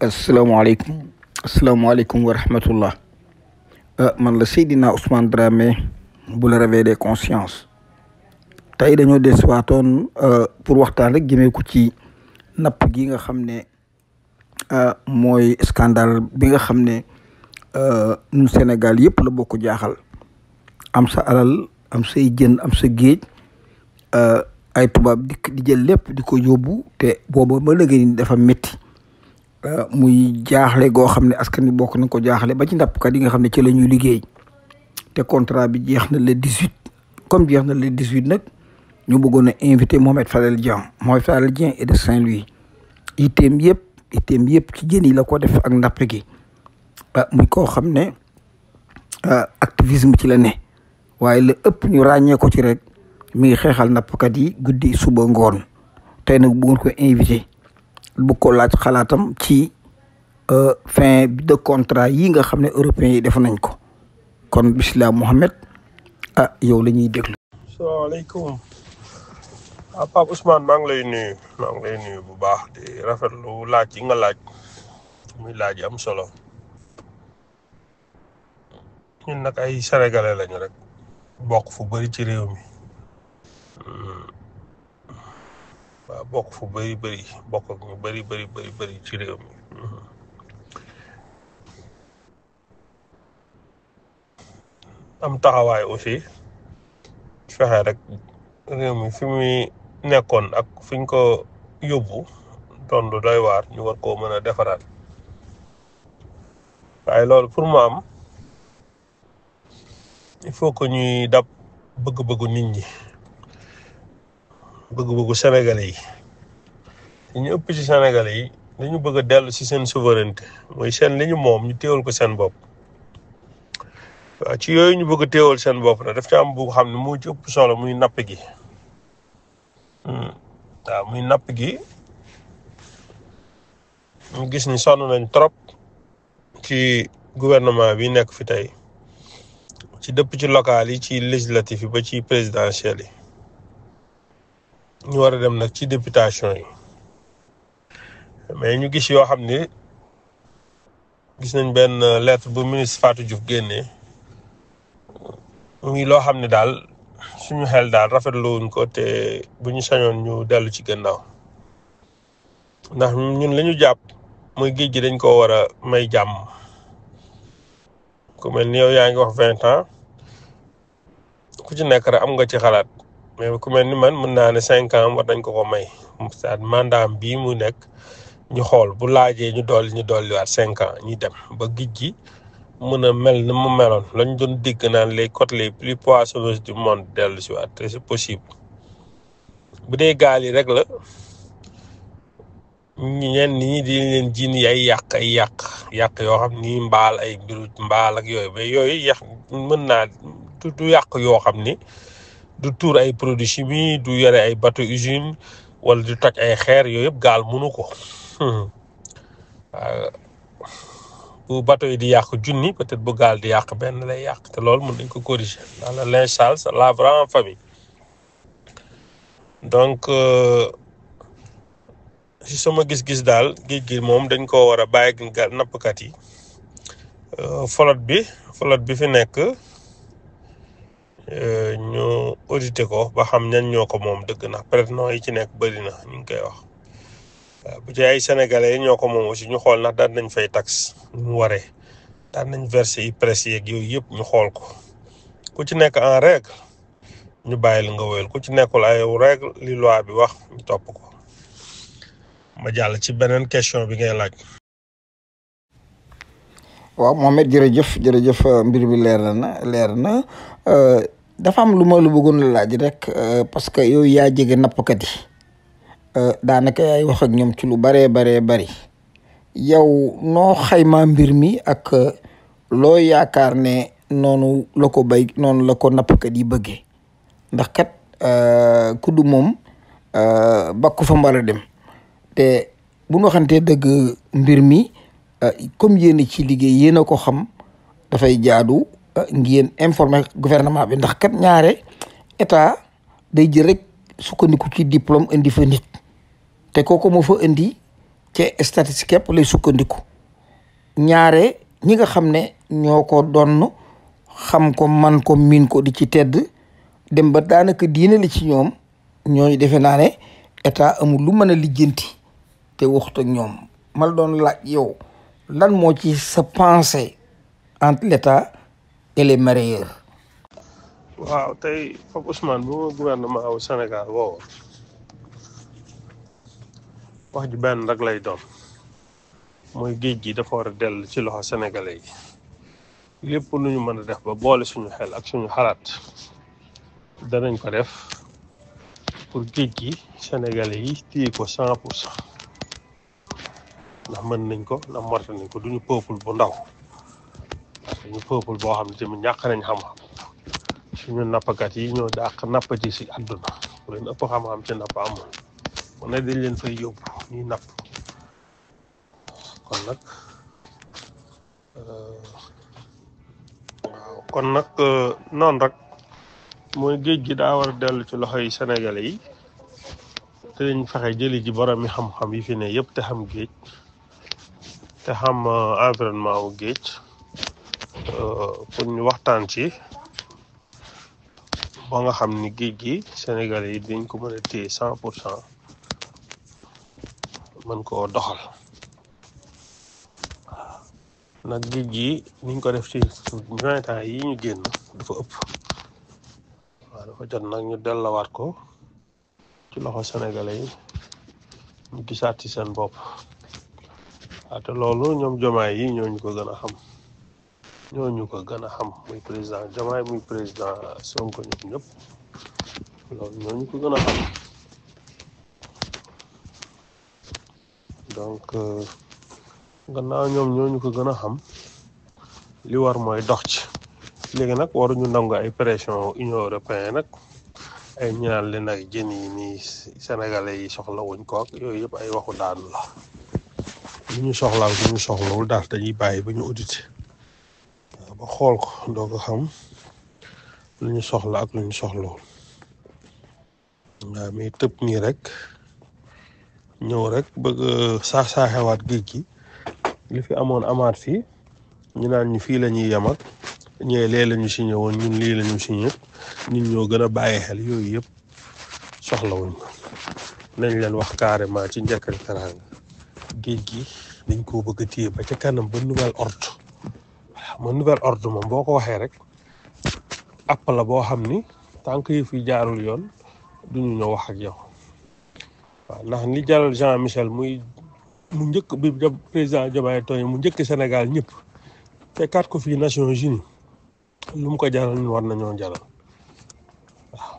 asalaamaaleykum asalaamaaleykum wa rahmatullah euh, man la Seydina Ousmane Dramé bu la réveil des consciences tey dañoo desuwaatoon euh, pour waxtaan rek jëmee ko ci napp gi nga xam ne euh, mooy scandale bi nga xam ne ñun Sénégal yëpp la bokk jaaxal am sa alal am say jën am sa géej ay tubaab di di jël lépp di ko yóbbu te booba ba léegi dafa métti Euh, muy jaaxle goo xam ne askan wi bokk na ko jaaxle ba ci nappkat yi nga xam ne ci la ñu liggéey te contrat bi jeex na le dix-huit comme jeex na le dix-huit nag ñu buggoon a invité Mohamed Fadel Dieng Mohamed Fadel Dieng et de Saint-Louis itteem yëpp itteem yëpp ci jën yi la ko def ak napp gi euh, muy koo xam ne euh, activisme ci la ne waaye la ëpp ñu ràññee ko ci rek mi ngi xeexal nappkat yi guddi suba ngoon tey nag bëggoon ko invité bu ko laaj xalaatam ci euh, fin de contrat yi nga xam ne européens yi def nañ ko kon bisimilah Mohamed ah yow la ñuy déglu. salaamaaleykum ah Pape Ousmane maa ngi lay nuyu nuyu bu baax di rafetlu laaj yi nga laaj muy laaj am solo ñun nag ay sénégalais lañu rek bokk fu bari ci réew mi. Hmm. waaw bokk fu bëri bëri bokk ak ñu bëri bëri bëri ci réew mi mm-hmm. am taxawaay aussi fexe rek réew fi muy nekkoon ak fiñ ko yóbbu doon doy waar ñu war koo mën a defaraat waaye loolu pour mu am il faut que ñuy dab bëgg-bëggu nit ñi bëgg-bëggu sénégalais yi ñu ëpp ci sénégalais yi dañu bëgg a dellu si seen souveraineté mooy seen li moom ñu téewal ko seen bopp waaw ci yooyu ñu bëgg téewal seen bopp nag daf ci am bu xam ne moo ci ëpp solo muy napp gi hmm, waaw muy napp gi ñu gis ni sonn nañ trop ci gouvernement bi nekk fi tey ci dëpp ci local yi ci législatif yi ba ci présidentielles yi ñu war a dem nag ci députation yi mais ñu gis yoo xam ne gis nañ benn lettre bu ministre Fatou Diouf génnee muy loo xam ne daal suñu xel daal rafetlu wuñ ko te bu ñu sañoon ñu dellu ci gannaaw ndax ñun lañu jàpp mooy géej gi dañ ko war a may jàmm ku mel ni yow yaa ngi wax vingt ans ku ci nekk rek am nga ci xalaat mais ku mel ni man mën naa ne cinq ans war nañ ko ko may c'est-à-dire bii mu nekk ñu xool bu laajee ñu dolli ñu dolliwaat cinq ans ñu dem ba géej gi mën a mel ni mu meloon lañ doon dégg naan les côtes les plus poissonneuses du monde dellu si waat c'est possible bu dee gaal yi rek la ñenn nii di leen jiin ay yàq ay yàq yàq yoo xam ni mbaal ay mbiru mbaal ak yooyu mais yooyu yàq mën naa du yàq yoo xam ni. du tuur ay produits chimie du yore ay bateau usine wala du toj ay xeer yooyu yëpp gaal munu ko waaw bu bateau yi di yàq junni peut-être bu gaal di yàq benn lay yàq te lool mun dañ ko corriger dans le linge sale se lavera en famille donc euh, si sama gis-gis daal géej gi moom dañ ko war a bàyyi nappkat yi euh, folot bi folot bi fi nekk Euh, ñu audité ko ba xam ñan ñoo ko moom dëgg na peut-être yi ci nekk bëri na ñu ngi koy wax waaw bu ci ay sénégalais yi ñoo ko moom aussi ñu xool ndax daan nañ fay tax mu waree daan nañ versé yi presse yeeg yooyu yëpp ñu xool ko ku ci nekk en règle ñu bàyyi la nga wéyal ku ci nekkul ay règle li loi bi wax ñu topp ko ma jàll ci beneen question bi ngay laaj. waaw Mohamed jërëjëf jërëjëf mbir bi leer na leer na. Euh, dafa am lu ma lu bëggoon la laaj rek euh, parce que yooyu yaa jege nappkat yi euh, daanaka yaay wax ak ñoom ci lu baree baree bari yow noo xayma mbir mi ak euh, loo yaakaar ne noonu la ko bay noonu la ko nappkat yi bëggee ndax kat kuddu moom bakku fa mbara dem te bu ñu waxantee dëgg mbir mi comme yéen ci liggéey yéen a ko xam dafay jaadu. ngeen informer gouvernement bi ndax kat ñaare état day jël rek sukkandiku ci diplôme indi fa nit te kooku moo fa indi ci statistique yëpp lay sukkandiku ñaare ñi nga xam ne ñoo ko donn xam ko man ko miin ko di ci tedd dem ba daanaka diine li ci ñoom ñooñu defe naa ne état amul lu mën a lijjanti te waxtu ñoom mal doon laaj yow lan moo ci sa pensée entre et les waaw tey Pape Ousmane bu ma gouvernement wax ji benn rek lay doom mooy géej gi dafa war a dell ci loxo sénégalais yi lépp lu ñu mën a def ba boole suñu xel ak suñu xalaat danañ ko def pour géej gi sénégalais yi téye ko cent pour cent ndax mën nañ ko ndax marta nañ ko duñu peuple bu ndaw dañu peuple boo xam ne tamit ñàkk nañ xam-xam suñu nappkat yi ñoo dàq nappati si àdduna bu leen ëpp xam-xam ci napp amul dañ leen fay yóbbu ñuy napp kon nag euh, kon nag euh, noonu rek mooy géej gi daa war a dellu ci loxoy sénégalais yi te dañ fexe jëli ji boromi xam-xam yi fi ne yëpp te xam géej te xam euh, environnement wu géej Euh, pour ñu waxtaan ci ba nga xam ni géej gi Sénégalais yi dañ ko mën a téye cent pour cent mën koo doxal nag géej gi niñ ko def ci vingt ans yi ñu génn dafa ëpp waaw dafa jot nag ñu dellawaat ko ci loxo Sénégalais yi ñu gisaat ci seen bopp waate loolu ñoom jomaa yi ñooñu ko gën a xam ñooñu ko gën a xam muy président Diomaye muy président Sonko ñëpp ñëpp loolu ñooñu ko gën a xam donc euh, gannaaw ñoom ñooñu ko gën a xam li war mooy dox ci léegi nag waruñu nangu ay pression Union européenne nag ay ñaan leen ak jën yi nii sénégalais yi soxla wuñ ko ak yooyu yëpp ay waxu daanu la li ñu soxlaa li ñu soxlawul daal dañuy bàyyi ba ñu audité ba xool ko doo ko xam lu ñu soxla ak lu ñu soxlawul waaw mais tëb nii rek ñëw rek bëgg saax saaxewaat géej gi li fi amoon amaat fii ñu naan ñu fii la ñuy yem ak ñee lee la ñu signé woon ñun lii lañu si signé ñun ñoo gën a bàyyi xel yooyu yëpp soxlawuñ ko nañ leen wax carrément ci njëkk ak teraanga géej gi dañ koo bëgg a téye ba ca kanam ba nouvelle ordre moo nouvel ordre moom boo ko waxee rek app la boo xam ni tant que yëf yi jaarul yoon duñu ñëw wax ak yow waaw ndax li jaral Jean Michel muy mu njëkk bi président Diomaye Faye mu njëkk Sénégal ñëpp fekkaat ko fii Nations Unies lu mu ko jaral ñun war nañoo jaral waaw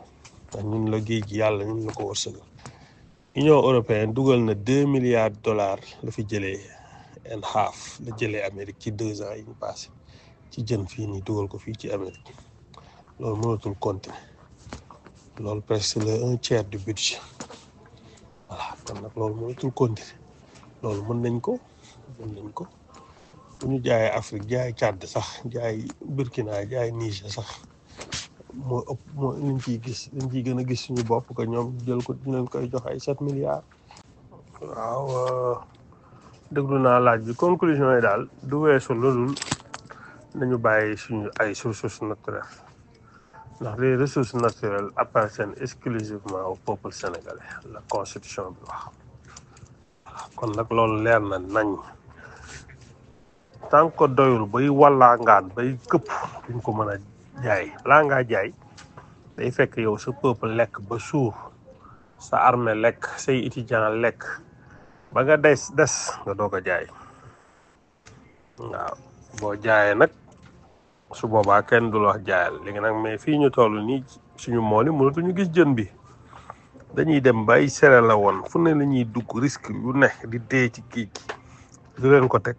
ndax ñun la géej yàlla ñun la ko wërsëgal Union européenne dugal na deux milliards dollars la fi jëlee and half la jëlee Amérique ci deux ans yi ñu ci jën fii ni dugal ko fii ci Amérique loolu mënatul continuer loolu presque le un tiers du budget voilà kon nag loolu mënatul continuer loolu mën nañ ko mën nañ ko bu ñu jaayee Afrique jaay Tchad sax jaay Burkina jaay Niger sax moo ëpp moo liñ ciy gis liñ ciy gën a gis suñu bopp que ñoom jël ko dinañ koy jox ay sept milliards waaw euh, déglu naa laaj bi conclusion yi daal du weesu loolu nañu bàyyi suñu ay ressources naturelles ndax les ressources naturelles appartiennent exclusivement au peuple sénégalais la constitution bi wax kon nag loolu leer na nañ tant que doyul bay wàllaangaan bay këpp duñ ko mën a jaay balaa ngaa jaay day fekk yow sa peuple lekk ba suur sa armée lekk say étudiant lekk ba nga des des nga doog a jaay waaw boo jaayee nag su boobaa kenn dul wax jaayal léegi nag mais fii ñu toll nii suñu mool yi mënatuñu gis jën bi dañuy dem bay sere la woon fu ne la ñuy dugg risque yu ne di dee ci géej gi du leen ko teg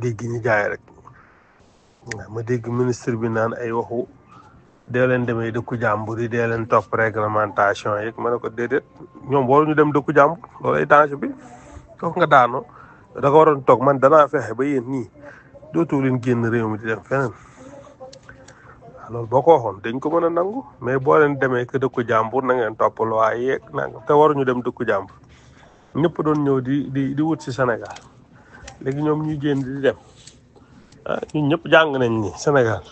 géej gi ñu jaay rek ma dégg ministre bi naan ay waxu dee leen demee dëkku jàmbur yi dee leen topp réglementation yi ma ne ko déedéet ñoom ñu dem dëkku jàmbur loolay danger bi foofu nga daano da nga waroon toog man danaa fexe ba yéen nii dootoo leen génn réew mi di dem feneen loolu boo ko waxoon dañ ko mën a nangu mais boo leen demee que dëkku jàmbur na ngeen topp loi te nangam ñu waruñu dem dëkku jàmbur ñëpp doon ñëw di di di wut si senegal léegi ñoom ñu génn di dem ah ñëpp jàng nañ ni Sénégal.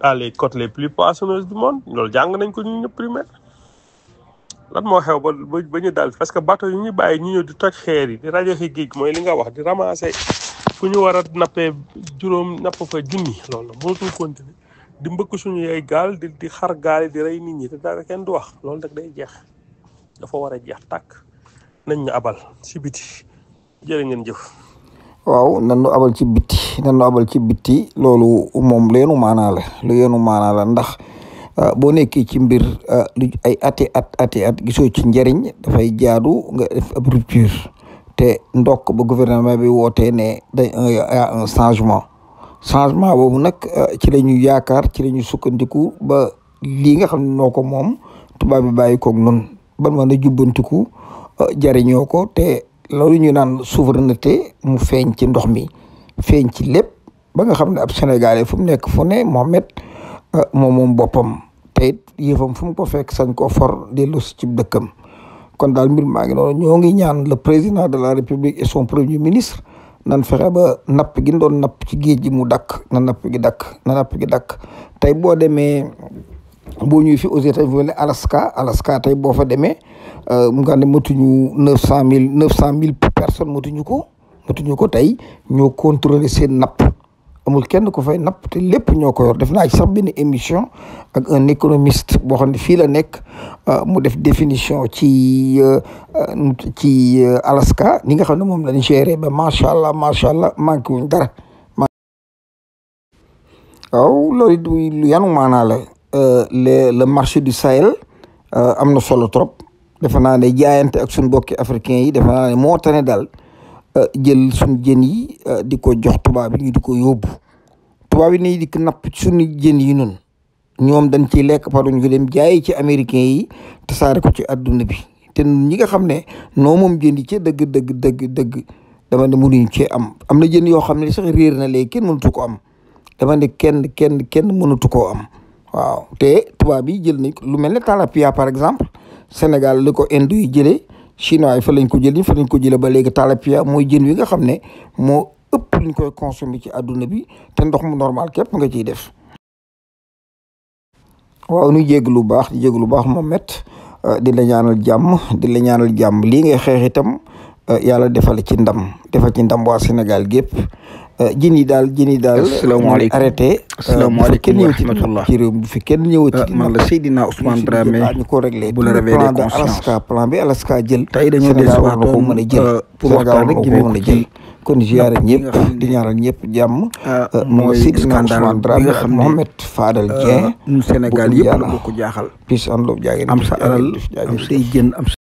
à les côtes les plus poissonneuses du monde loolu jàng nañ ko ñu ñëpp primaire lan moo xew ba ba ñu daal parce que bateau yi ñu bàyyi ñu ñëw di toj xeer yi di rajo xi géej mooy li nga wax di ramasser fu ñu war a nappee juróom napp fa junni loolu mënatul continuer di mbëkk suñu ay gaal di di xar gaal yi di rey nit ñi te dara kenn du wax loolu nag day jeex dafa war a jeex tàkk nañ ñu abal si biti jërë ngeen jëf waaw nan abal ci bitti nan abal ci bitti loolu moom leenu maanaa la lu yeenu maanaa la ndax ah, boo nekkee ci mbir ah, lu ay ati at ati at gisoo ci njëriñ dafay jaadu nga def te ndokk ba gouvernement bi wootee ne day ah, un changement changement boobu nag ci la ñuy yaakaar ci la ñuy sukkandiku ba lii nga xam ne ko moom tubaab bi bàyyi koog noonu ban mën a jubbantiku jëriñoo te loolu ñu naan souveraineté mu feeñ ci ndox mi feeñ ci lépp ba nga xam ne ab Sénégalais fu mu nekk fu ne Mohamed euh, moom moom boppam te it yëfam fu mu ko fekk sañ ko for dellu ci dëkkam kon daal mbir maa ngi noonu ngi ñaan le président de la république et son premier ministre nan fexe ba napp gi doon napp ci géej gi mu dakk na napp gi dakk na napp gi dakk tey boo demee boo ñuy fi aux États-Unis Alaska Alaska tey boo fa demee Euh, mu nga xam ne matuñu neuf cent mille neuf cent mille personnes matuñu ko matuñu ko tey ñoo contrôler seen napp amul kenn ku fay napp te lépp ñoo ko yor def naa ci sax benn émission ak un économiste boo xam ne fii la nekk euh, mu def définition ci euh, ci Alaska ni nga xam ne moom lañ géré ba macha allah macha allah manqué wuñ dara. waaw loolu la le le marché du Sahel am na solo trop. defe naa ne jaayante ak suñ bokki africain yi defe naa ne moo tane daal euh, jël suñ jën yi euh, di ko jox tubaab yi ñu di ko yóbbu tubaab yi nii di napp suñu jën yi noonu ñoom dañ ciy lekk paruñ ko dem jaayi ci américain yi saare ko ci adduna bi te ñi nga xam ne noo moom jën yi ci dëgg dëgg dëgg dëgg dama ne mënuñu cee am am na jën yoo xam ne sax réer na léegi kenn mënatu ko am dama kenn kenn kenn mënatu koo am waaw te tubaab yi jël nañ ko lu mel ne talapia par exemple Sénégal li ko Inde yi jëlee chinois yi fa lañ ko jëlee fa lañ ko jëlee ba léegi talapia mooy jën wi nga xam ne moo ëpp luñ koy consommer ci àdduna bi te ndox mu normal képp nga ciy def. waaw nu jégg lu baax di jégg lu baax moom met euh, di la ñaanal jàmm di la ñaanal jàmm lii ngay xeexitam itam euh, yàlla defal ci ndam defal ci ndam waa Sénégal gépp Euh, jën yi daal jën yi daal. asalaamaaleykum arrêté. asalaamaaleykum euh, wa rahmatulah ci réew bu fi kenn ñëwati. Euh, man la Seydina Ousmane Dramé ko réglé. bu la réveillé plan de Alaska plan bi Alaska jël. tey dañoo desewaatoon mën a jël. pour waxtaan rek jëmee kon ziare ñëpp di ñaaral ñëpp jàmm. mooy scandale bi nga xam ne Mohamed Fadel Dieng. Sénégal yëpp la ko jaaxal. peace am sa alal am say